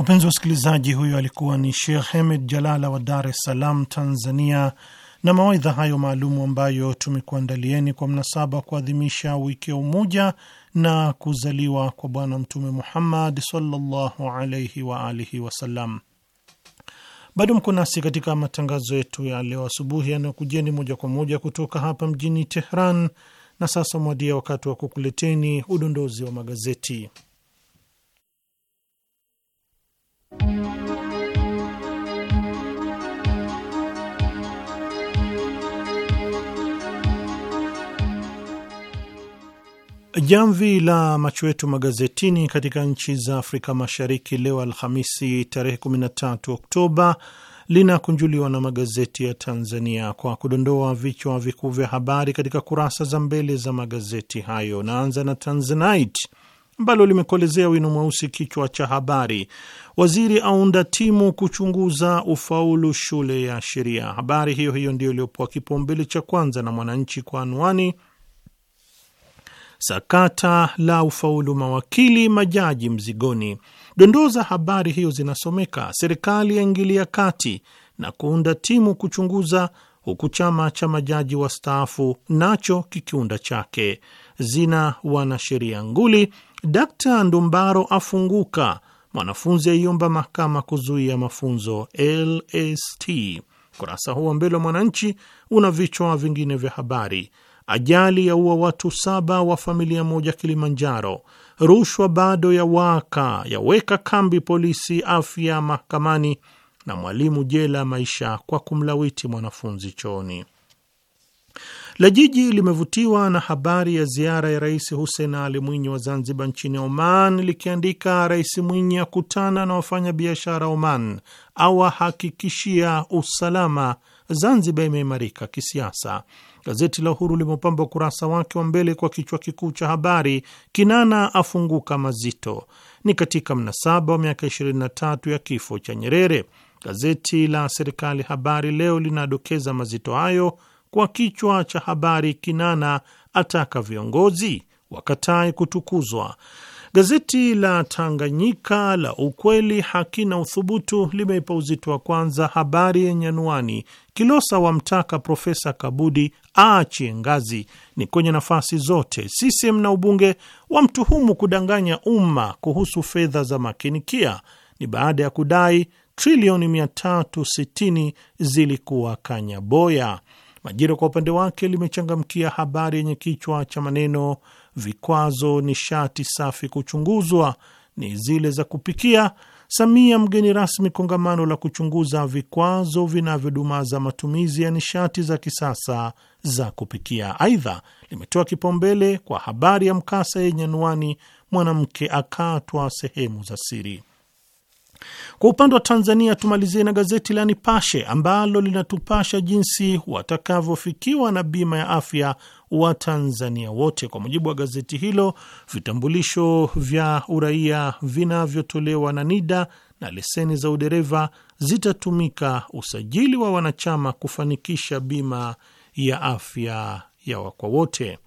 Wapenzi wasikilizaji, huyo alikuwa ni Sheikh Hemed Jalala wa Dar es Salaam, Tanzania, na mawaidha hayo maalumu ambayo tumekuandalieni kwa mnasaba wa kuadhimisha wiki ya umoja na kuzaliwa kwa Bwana Mtume Muhammad sallallahu alaihi wa alihi wasallam. Bado mko nasi katika matangazo yetu ya leo asubuhi yanayokujeni moja kwa moja kutoka hapa mjini Tehran, na sasa mwadia wakati wa kukuleteni udondozi wa magazeti. Jamvi la macho yetu magazetini katika nchi za Afrika Mashariki leo Alhamisi tarehe 13 Oktoba linakunjuliwa na magazeti ya Tanzania kwa kudondoa vichwa vikuu vya habari katika kurasa za mbele za magazeti hayo. Naanza na Tanzanite ambalo limekolezea wino mweusi kichwa cha habari, waziri aunda timu kuchunguza ufaulu shule ya sheria. Habari hiyo hiyo ndiyo iliyopoa kipaumbele cha kwanza na Mwananchi kwa anwani sakata la ufaulu mawakili majaji mzigoni. Dondoo za habari hiyo zinasomeka: serikali yaingilia kati na kuunda timu kuchunguza, huku chama cha majaji wastaafu nacho kikiunda chake. Zina wanasheria nguli. Dkt Ndumbaro afunguka, mwanafunzi aiomba mahakama kuzuia mafunzo LST. Ukurasa huu wa mbele wa Mwananchi una vichwa vingine vya habari Ajali ya ua watu saba wa familia moja Kilimanjaro. Rushwa bado ya waka yaweka kambi polisi afya mahakamani, na mwalimu jela maisha kwa kumlawiti mwanafunzi chooni. La Jiji limevutiwa na habari ya ziara ya Rais Hussein Ali Mwinyi wa Zanzibar nchini Oman, likiandika Rais Mwinyi akutana na wafanyabiashara Oman, awahakikishia usalama. Zanzibar imeimarika kisiasa. Gazeti la Uhuru limepamba ukurasa wake wa mbele kwa kichwa kikuu cha habari, Kinana afunguka mazito, ni katika mnasaba wa miaka 23 ya kifo cha Nyerere. Gazeti la serikali Habari Leo linadokeza mazito hayo kwa kichwa cha habari, Kinana ataka viongozi wakatae kutukuzwa. Gazeti la Tanganyika la Ukweli, Haki na Uthubutu limeipa uzito wa kwanza habari yenye anwani Kilosa wamtaka Profesa Kabudi aache ngazi, ni kwenye nafasi zote. CCM na ubunge wamtuhumu kudanganya umma kuhusu fedha za makinikia, ni baada ya kudai trilioni 360 zilikuwa kanyaboya. Majira kwa upande wake limechangamkia habari yenye kichwa cha maneno vikwazo nishati safi kuchunguzwa, ni zile za kupikia Samia mgeni rasmi kongamano la kuchunguza vikwazo vinavyodumaza matumizi ya nishati za kisasa za kupikia. Aidha, limetoa kipaumbele kwa habari ya mkasa yenye anwani mwanamke akatwa sehemu za siri. Kwa upande wa Tanzania, tumalizie na gazeti la Nipashe ambalo linatupasha jinsi watakavyofikiwa na bima ya afya Watanzania wote. Kwa mujibu wa gazeti hilo, vitambulisho vya uraia vinavyotolewa na NIDA na leseni za udereva zitatumika usajili wa wanachama kufanikisha bima ya afya ya wakwa wote.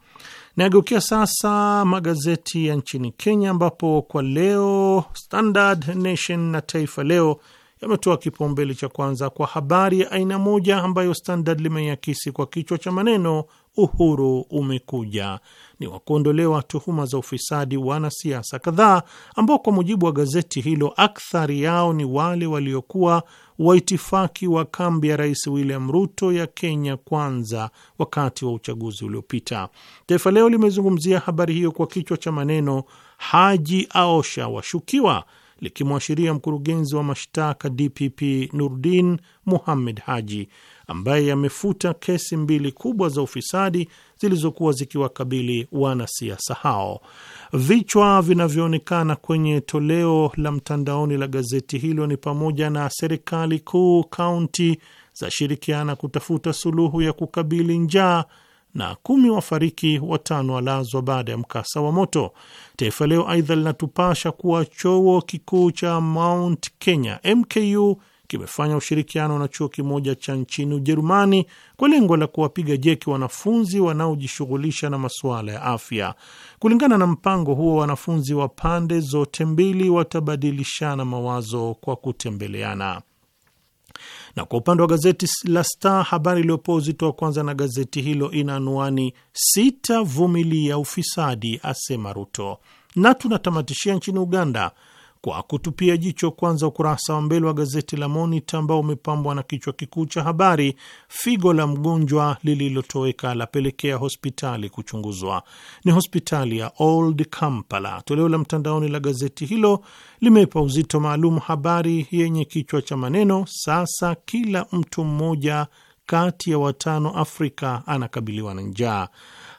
Nageukia sasa magazeti ya nchini Kenya, ambapo kwa leo Standard, Nation na Taifa Leo yametoa kipaumbele cha kwanza kwa habari ya aina moja ambayo Standard limeiakisi kwa kichwa cha maneno uhuru umekuja ni wa kuondolewa tuhuma za ufisadi wanasiasa kadhaa ambao kwa mujibu wa gazeti hilo akthari yao ni wale waliokuwa waitifaki wa kambi ya Rais William Ruto ya Kenya Kwanza wakati wa uchaguzi uliopita. Taifa Leo limezungumzia habari hiyo kwa kichwa cha maneno Haji aosha washukiwa, likimwashiria mkurugenzi wa mashtaka DPP Nurdin Muhammed Haji ambaye amefuta kesi mbili kubwa za ufisadi zilizokuwa zikiwakabili wanasiasa hao. Vichwa vinavyoonekana kwenye toleo la mtandaoni la gazeti hilo ni pamoja na serikali kuu kaunti zashirikiana kutafuta suluhu ya kukabili njaa na kumi wafariki watano walazwa baada ya mkasa wa moto. Taifa Leo aidha linatupasha kuwa chuo kikuu cha Mount Kenya MKU kimefanya ushirikiano na chuo kimoja cha nchini Ujerumani kwa lengo la kuwapiga jeki wanafunzi wanaojishughulisha na masuala ya afya. Kulingana na mpango huo, wanafunzi wa pande zote mbili watabadilishana mawazo kwa kutembeleana na kwa upande wa gazeti la Star, habari iliyopoa uzito wa kwanza na gazeti hilo ina anwani sitavumilia ufisadi, asema Ruto. Na tunatamatishia nchini Uganda kwa kutupia jicho kwanza ukurasa wa mbele wa gazeti la Monita ambao umepambwa na kichwa kikuu cha habari, figo la mgonjwa lililotoweka lapelekea hospitali kuchunguzwa. Ni hospitali ya Old Kampala. Toleo la mtandaoni la gazeti hilo limeipa uzito maalum habari yenye kichwa cha maneno, sasa kila mtu mmoja kati ya watano Afrika anakabiliwa na njaa.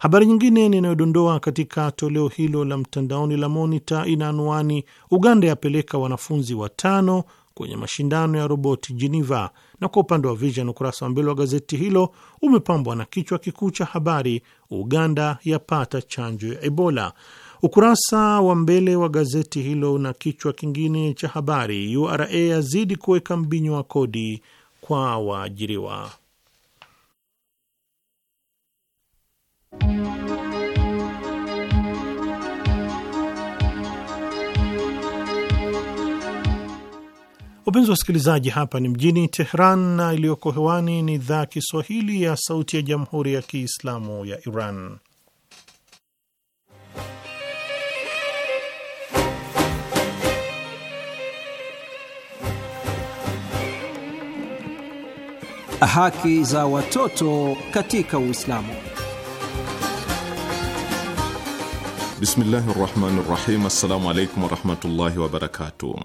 Habari nyingine ninayodondoa katika toleo hilo la mtandaoni la Monita ina anwani Uganda yapeleka wanafunzi watano kwenye mashindano ya roboti Geneva. Na kwa upande wa Vision, ukurasa wa mbele wa gazeti hilo umepambwa na kichwa kikuu cha habari, Uganda yapata chanjo ya Ebola. Ukurasa wa mbele wa gazeti hilo na kichwa kingine cha habari, URA yazidi kuweka mbinyo wa kodi kwa waajiriwa. Wapenzi wa wasikilizaji, hapa ni mjini Tehran na iliyoko hewani ni idhaa Kiswahili ya Sauti ya Jamhuri ya Kiislamu ya Iran. Haki za watoto katika Uislamu. Bismillahi rahmani rahim. Assalamu alaikum warahmatullahi wabarakatuh.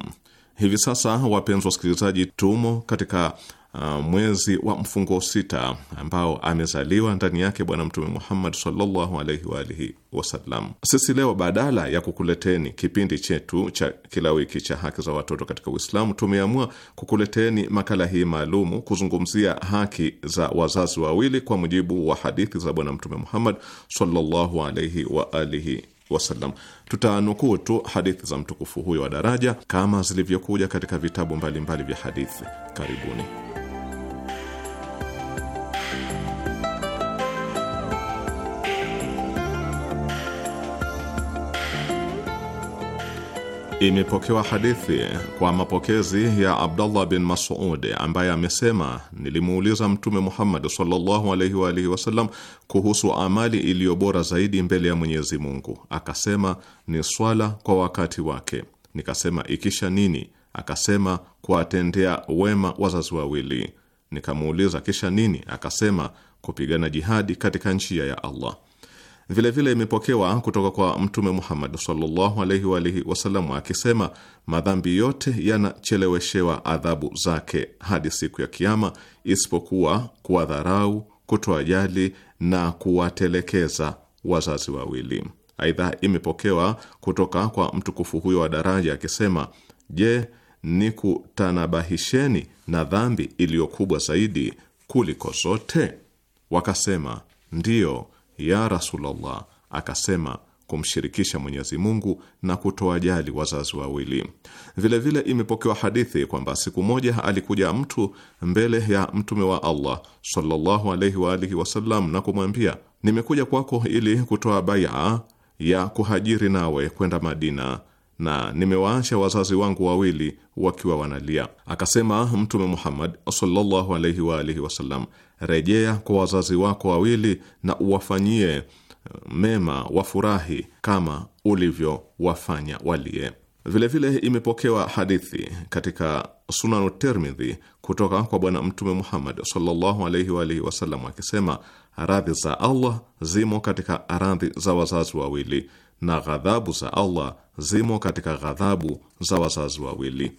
Hivi sasa, wapenzi wasikilizaji, tumo katika uh, mwezi wa mfungo sita ambao amezaliwa ndani yake Bwana Mtume Muhammad sallallahu alaihi wa alihi wasallam. Sisi leo badala ya kukuleteni kipindi chetu cha kila wiki cha haki za watoto katika Uislamu, tumeamua kukuleteni makala hii maalumu kuzungumzia haki za wazazi wawili kwa mujibu wa hadithi za Bwana Mtume Muhammad sallallahu alaihi wa alihi wasallam. Tutanukuu tu hadithi za mtukufu huyo wa daraja kama zilivyokuja katika vitabu mbalimbali mbali vya hadithi. Karibuni. Imepokewa hadithi kwa mapokezi ya abdullah bin Mas'ud ambaye amesema, nilimuuliza Mtume Muhammad sallallahu wa alihi wasallam kuhusu amali iliyo bora zaidi mbele ya Mwenyezi Mungu. Akasema ni swala kwa wakati wake. Nikasema ikisha nini? Akasema kuwatendea wema wazazi wawili. Nikamuuliza kisha nini? Akasema kupigana jihadi katika njia ya Allah. Vilevile imepokewa kutoka kwa Mtume Muhammad sallallahu alaihi wasallam akisema, madhambi yote yanacheleweshewa adhabu zake hadi siku ya Kiama, isipokuwa kuwadharau, kutoa jali na kuwatelekeza wazazi wawili. Aidha, imepokewa kutoka kwa mtukufu huyo wa daraja akisema, je, ni kutanabahisheni na dhambi iliyokubwa zaidi kuliko zote? Wakasema ndiyo ya Rasulullah, akasema kumshirikisha Mwenyezi Mungu na jali wazazi wawili. Vilevile imepokewa hadithi kwamba siku moja alikuja mtu mbele ya mtume wa Allah sallallahu alaihi wa alihi wasallam na kumwambia, nimekuja kwako ili kutoa baia ya kuhajiri nawe kwenda Madina na nimewaacha wazazi wangu wawili wakiwa wanalia. Akasema Mtume Muhammad sallallahu alaihi wa alihi wasallam, rejea kwa wazazi wako wawili na uwafanyie eh, mema wafurahi kama ulivyowafanya waliye. Vilevile vile imepokewa hadithi katika Sunanu Termidhi kutoka kwa Bwana Mtume Muhammad sallallahu alaihi wa alihi wasallam akisema, radhi za Allah zimo katika radhi za wazazi wawili na ghadhabu za Allah zimo katika ghadhabu za wazazi wawili.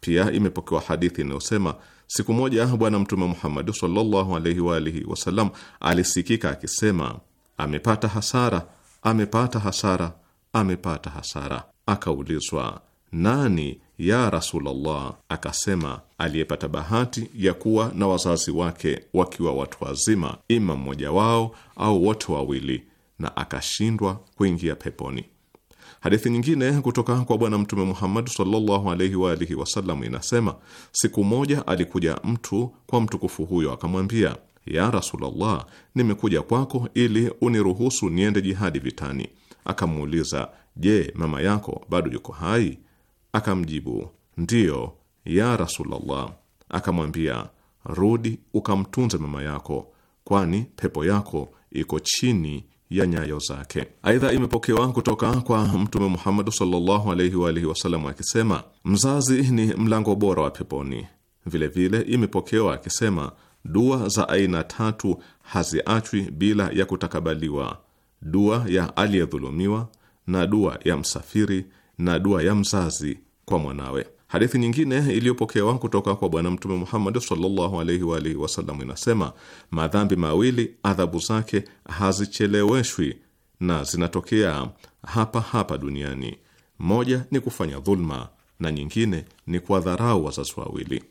Pia imepokewa hadithi inayosema Siku moja Bwana Mtume muhammadi sallallahu alaihi wa alihi wasallam alisikika akisema, amepata hasara, amepata hasara, amepata hasara. Akaulizwa, nani ya Rasulullah? Akasema, aliyepata bahati ya kuwa na wazazi wake wakiwa watu wazima, ima mmoja wao au wote wawili, na akashindwa kuingia peponi. Hadithi nyingine kutoka kwa Bwana Mtume Muhammad sallallahu alaihi wa alihi wasallam inasema, siku moja alikuja mtu kwa mtukufu huyo akamwambia, ya Rasulullah, nimekuja kwako ili uniruhusu niende jihadi vitani. Akamuuliza, je, mama yako bado yuko hai? Akamjibu, ndiyo ya Rasulullah. Akamwambia, rudi ukamtunze mama yako, kwani pepo yako iko chini ya nyayo zake. Aidha, imepokewa kutoka kwa Mtume Muhammad sallallahu alaihi wa alihi wasallam akisema, mzazi ni mlango bora wa peponi. Vilevile imepokewa akisema, dua za aina tatu haziachwi bila ya kutakabaliwa: dua ya aliyedhulumiwa na dua ya msafiri na dua ya mzazi kwa mwanawe. Hadithi nyingine iliyopokewa kutoka kwa Bwana Mtume Muhammad sallallahu alaihi wa alihi wasallam inasema madhambi mawili adhabu zake hazicheleweshwi na zinatokea hapa hapa duniani. Moja ni kufanya dhulma na nyingine ni kuwadharau wazazi wawili.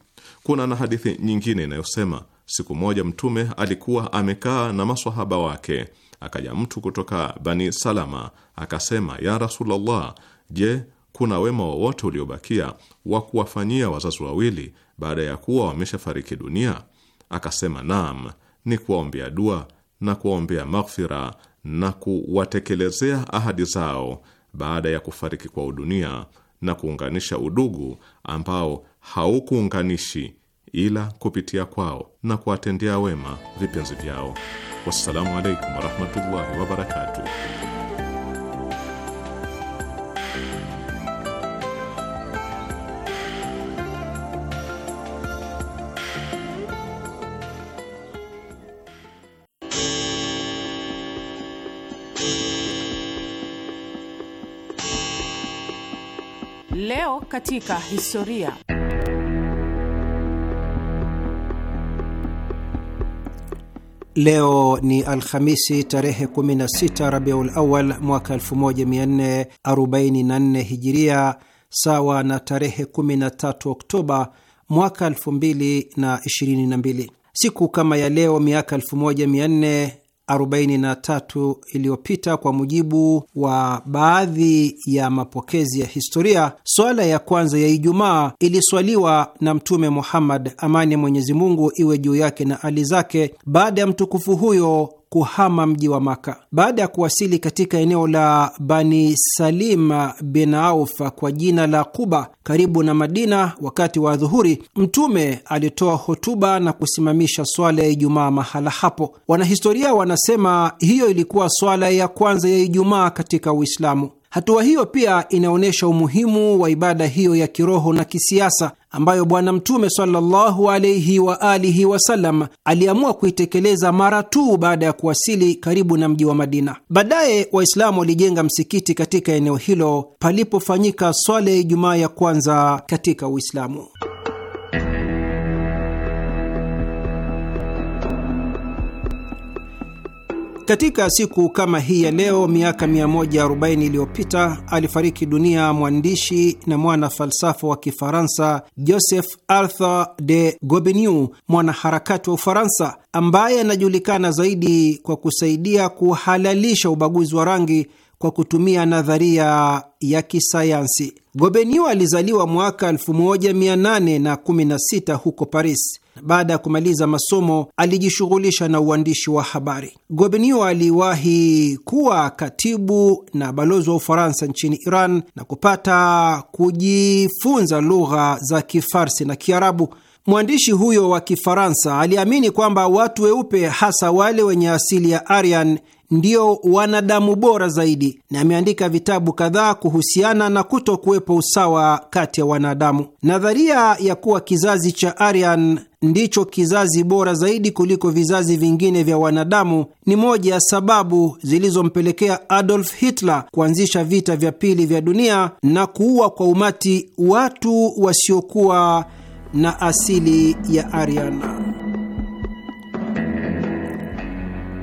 Kuna na hadithi nyingine inayosema siku moja Mtume alikuwa amekaa na maswahaba wake, akaja mtu kutoka Bani Salama akasema, ya Rasulullah, je, kuna wema wowote uliobakia wa kuwafanyia wazazi wawili baada ya kuwa wameshafariki dunia? Akasema, naam, ni kuwaombea dua na kuwaombea maghfira na kuwatekelezea ahadi zao baada ya kufariki kwa dunia na kuunganisha udugu ambao haukuunganishi ila kupitia kwao na kuwatendea wema vipenzi vyao. Wassalamu alaikum warahmatullahi wabarakatuh. Leo katika historia. Leo ni Alhamisi tarehe 16 Rabiul Awal mwaka 1444 Hijiria, sawa na tarehe 13 Oktoba mwaka 2022. Siku kama ya leo miaka 43 iliyopita, kwa mujibu wa baadhi ya mapokezi ya historia, swala ya kwanza ya Ijumaa iliswaliwa na Mtume Muhammad, amani ya Mwenyezi Mungu iwe juu yake na ali zake, baada ya mtukufu huyo kuhama mji wa Maka. Baada ya kuwasili katika eneo la Bani Salim bin Auf kwa jina la Quba karibu na Madina wakati wa dhuhuri, Mtume alitoa hotuba na kusimamisha swala ya Ijumaa mahala hapo. Wanahistoria wanasema hiyo ilikuwa swala ya kwanza ya Ijumaa katika Uislamu. Hatua hiyo pia inaonyesha umuhimu wa ibada hiyo ya kiroho na kisiasa ambayo Bwana Mtume sallallahu alaihi wa alihi wasallam aliamua kuitekeleza mara tu baada ya kuwasili karibu na mji wa Madina. Baadaye Waislamu walijenga msikiti katika eneo hilo palipofanyika swala ya Ijumaa ya kwanza katika Uislamu. Katika siku kama hii ya leo miaka 140 iliyopita alifariki dunia mwandishi na mwana falsafa wa Kifaransa Joseph Arthur de Gobineau, mwanaharakati wa Ufaransa ambaye anajulikana zaidi kwa kusaidia kuhalalisha ubaguzi wa rangi kwa kutumia nadharia ya kisayansi. Gobineau alizaliwa mwaka 1816 huko Paris baada ya kumaliza masomo alijishughulisha na uandishi wa habari. Gobenio aliwahi kuwa katibu na balozi wa Ufaransa nchini Iran na kupata kujifunza lugha za Kifarsi na Kiarabu. Mwandishi huyo wa Kifaransa aliamini kwamba watu weupe, hasa wale wenye asili ya Aryan, ndio wanadamu bora zaidi, na ameandika vitabu kadhaa kuhusiana na kuto kuwepo usawa kati ya wanadamu. Nadharia ya kuwa kizazi cha Aryan ndicho kizazi bora zaidi kuliko vizazi vingine vya wanadamu, ni moja ya sababu zilizompelekea Adolf Hitler kuanzisha vita vya pili vya dunia na kuua kwa umati watu wasiokuwa na asili ya Aryana.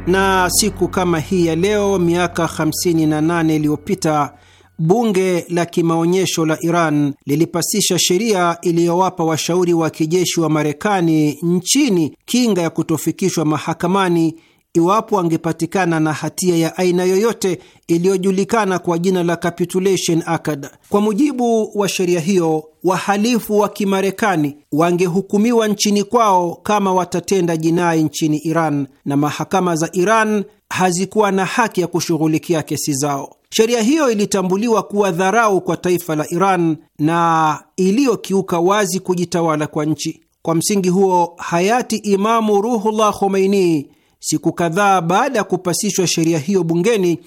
Na siku kama hii ya leo miaka 58 iliyopita bunge la kimaonyesho la Iran lilipasisha sheria iliyowapa washauri wa kijeshi wa Marekani nchini kinga ya kutofikishwa mahakamani iwapo angepatikana na hatia ya aina yoyote iliyojulikana kwa jina la capitulation accord. Kwa mujibu wa sheria hiyo, wahalifu wa Kimarekani wangehukumiwa nchini kwao kama watatenda jinai nchini Iran, na mahakama za Iran hazikuwa na haki ya kushughulikia kesi zao. Sheria hiyo ilitambuliwa kuwa dharau kwa taifa la Iran na iliyokiuka wazi kujitawala kwa nchi. Kwa msingi huo, hayati Imamu Ruhullah Khomeini, siku kadhaa baada ya kupasishwa sheria hiyo bungeni,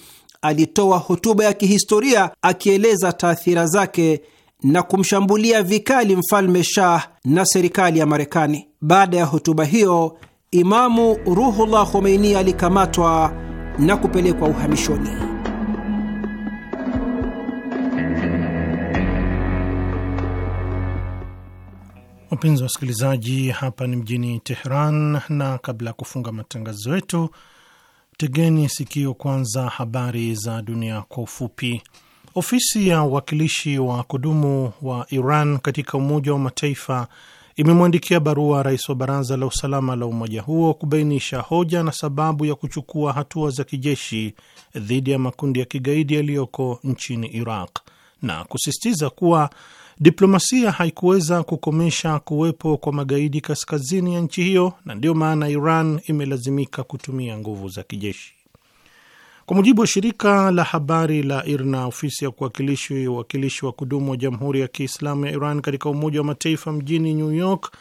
alitoa hotuba ya kihistoria akieleza taathira zake na kumshambulia vikali mfalme Shah na serikali ya Marekani. Baada ya hotuba hiyo, Imamu Ruhullah Khomeini alikamatwa na kupelekwa uhamishoni. Wapenzi wa wasikilizaji, hapa ni mjini Teheran, na kabla ya kufunga matangazo yetu, tegeni sikio kwanza habari za dunia kwa ufupi. Ofisi ya uwakilishi wa kudumu wa Iran katika Umoja wa Mataifa imemwandikia barua rais wa Baraza la Usalama la umoja huo kubainisha hoja na sababu ya kuchukua hatua za kijeshi dhidi ya makundi ya kigaidi yaliyoko nchini Iraq na kusisitiza kuwa Diplomasia haikuweza kukomesha kuwepo kwa magaidi kaskazini ya nchi hiyo, na ndiyo maana Iran imelazimika kutumia nguvu za kijeshi. Kwa mujibu wa shirika la habari la IRNA, ofisi ya kuwakilishi wakilishi wa kudumu wa Jamhuri ya Kiislamu ya Iran katika Umoja wa Mataifa mjini New York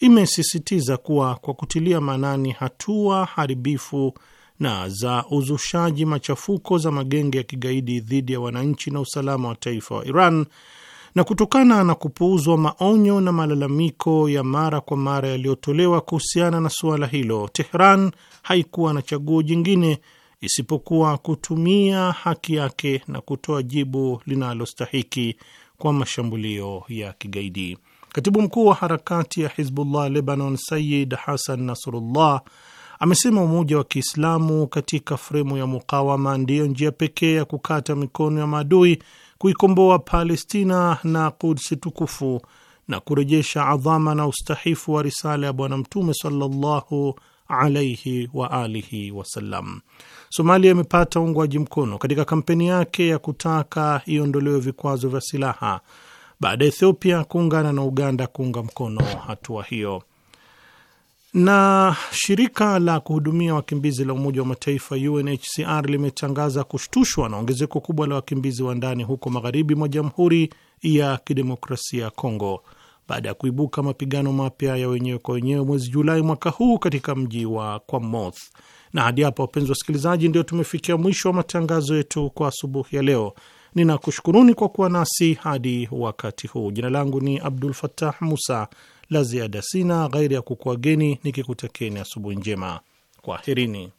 imesisitiza kuwa kwa kutilia maanani hatua haribifu na za uzushaji machafuko za magenge ya kigaidi dhidi ya wananchi na usalama wa taifa wa Iran, na kutokana na kupuuzwa maonyo na malalamiko ya mara kwa mara yaliyotolewa kuhusiana na suala hilo, Tehran haikuwa na chaguo jingine isipokuwa kutumia haki yake na kutoa jibu linalostahiki kwa mashambulio ya kigaidi. Katibu mkuu wa harakati ya Hizbullah Lebanon, Sayid Hasan Nasrullah, amesema umoja wa Kiislamu katika fremu ya mukawama ndiyo njia pekee ya kukata mikono ya maadui kuikomboa Palestina na Kudsi tukufu na kurejesha adhama na ustahifu wa risala ya Bwana Mtume sallallahu alaihi wa alihi wasallam. Somalia imepata uungwaji mkono katika kampeni yake ya kutaka iondolewe vikwazo vya silaha baada ya Ethiopia kuungana na Uganda kuunga mkono hatua hiyo. Na shirika la kuhudumia wakimbizi la Umoja wa Mataifa UNHCR limetangaza kushtushwa na ongezeko kubwa la wakimbizi wa ndani huko magharibi mwa Jamhuri ya Kidemokrasia ya Kongo baada ya kuibuka mapigano mapya ya wenyewe kwa wenyewe mwezi Julai mwaka huu katika mji wa Kwamoth. Na hadi hapa, wapenzi wasikilizaji, ndio tumefikia mwisho wa matangazo yetu kwa asubuhi ya leo. Ninakushukuruni kwa kuwa nasi hadi wakati huu. Jina langu ni Abdul fatah Musa la ziada sina, ghairi ya kukuageni nikikutakeni asubuhi njema. Kwaherini.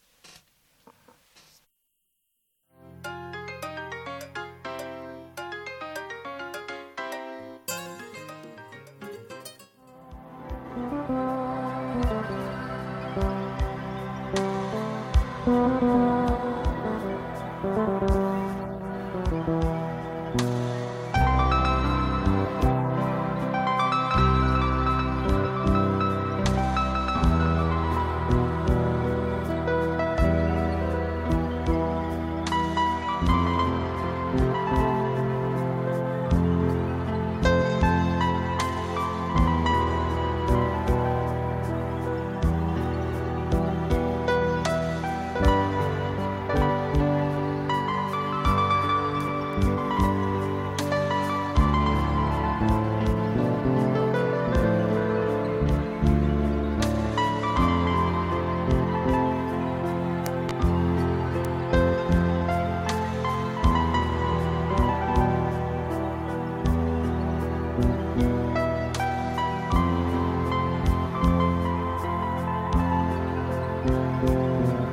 Música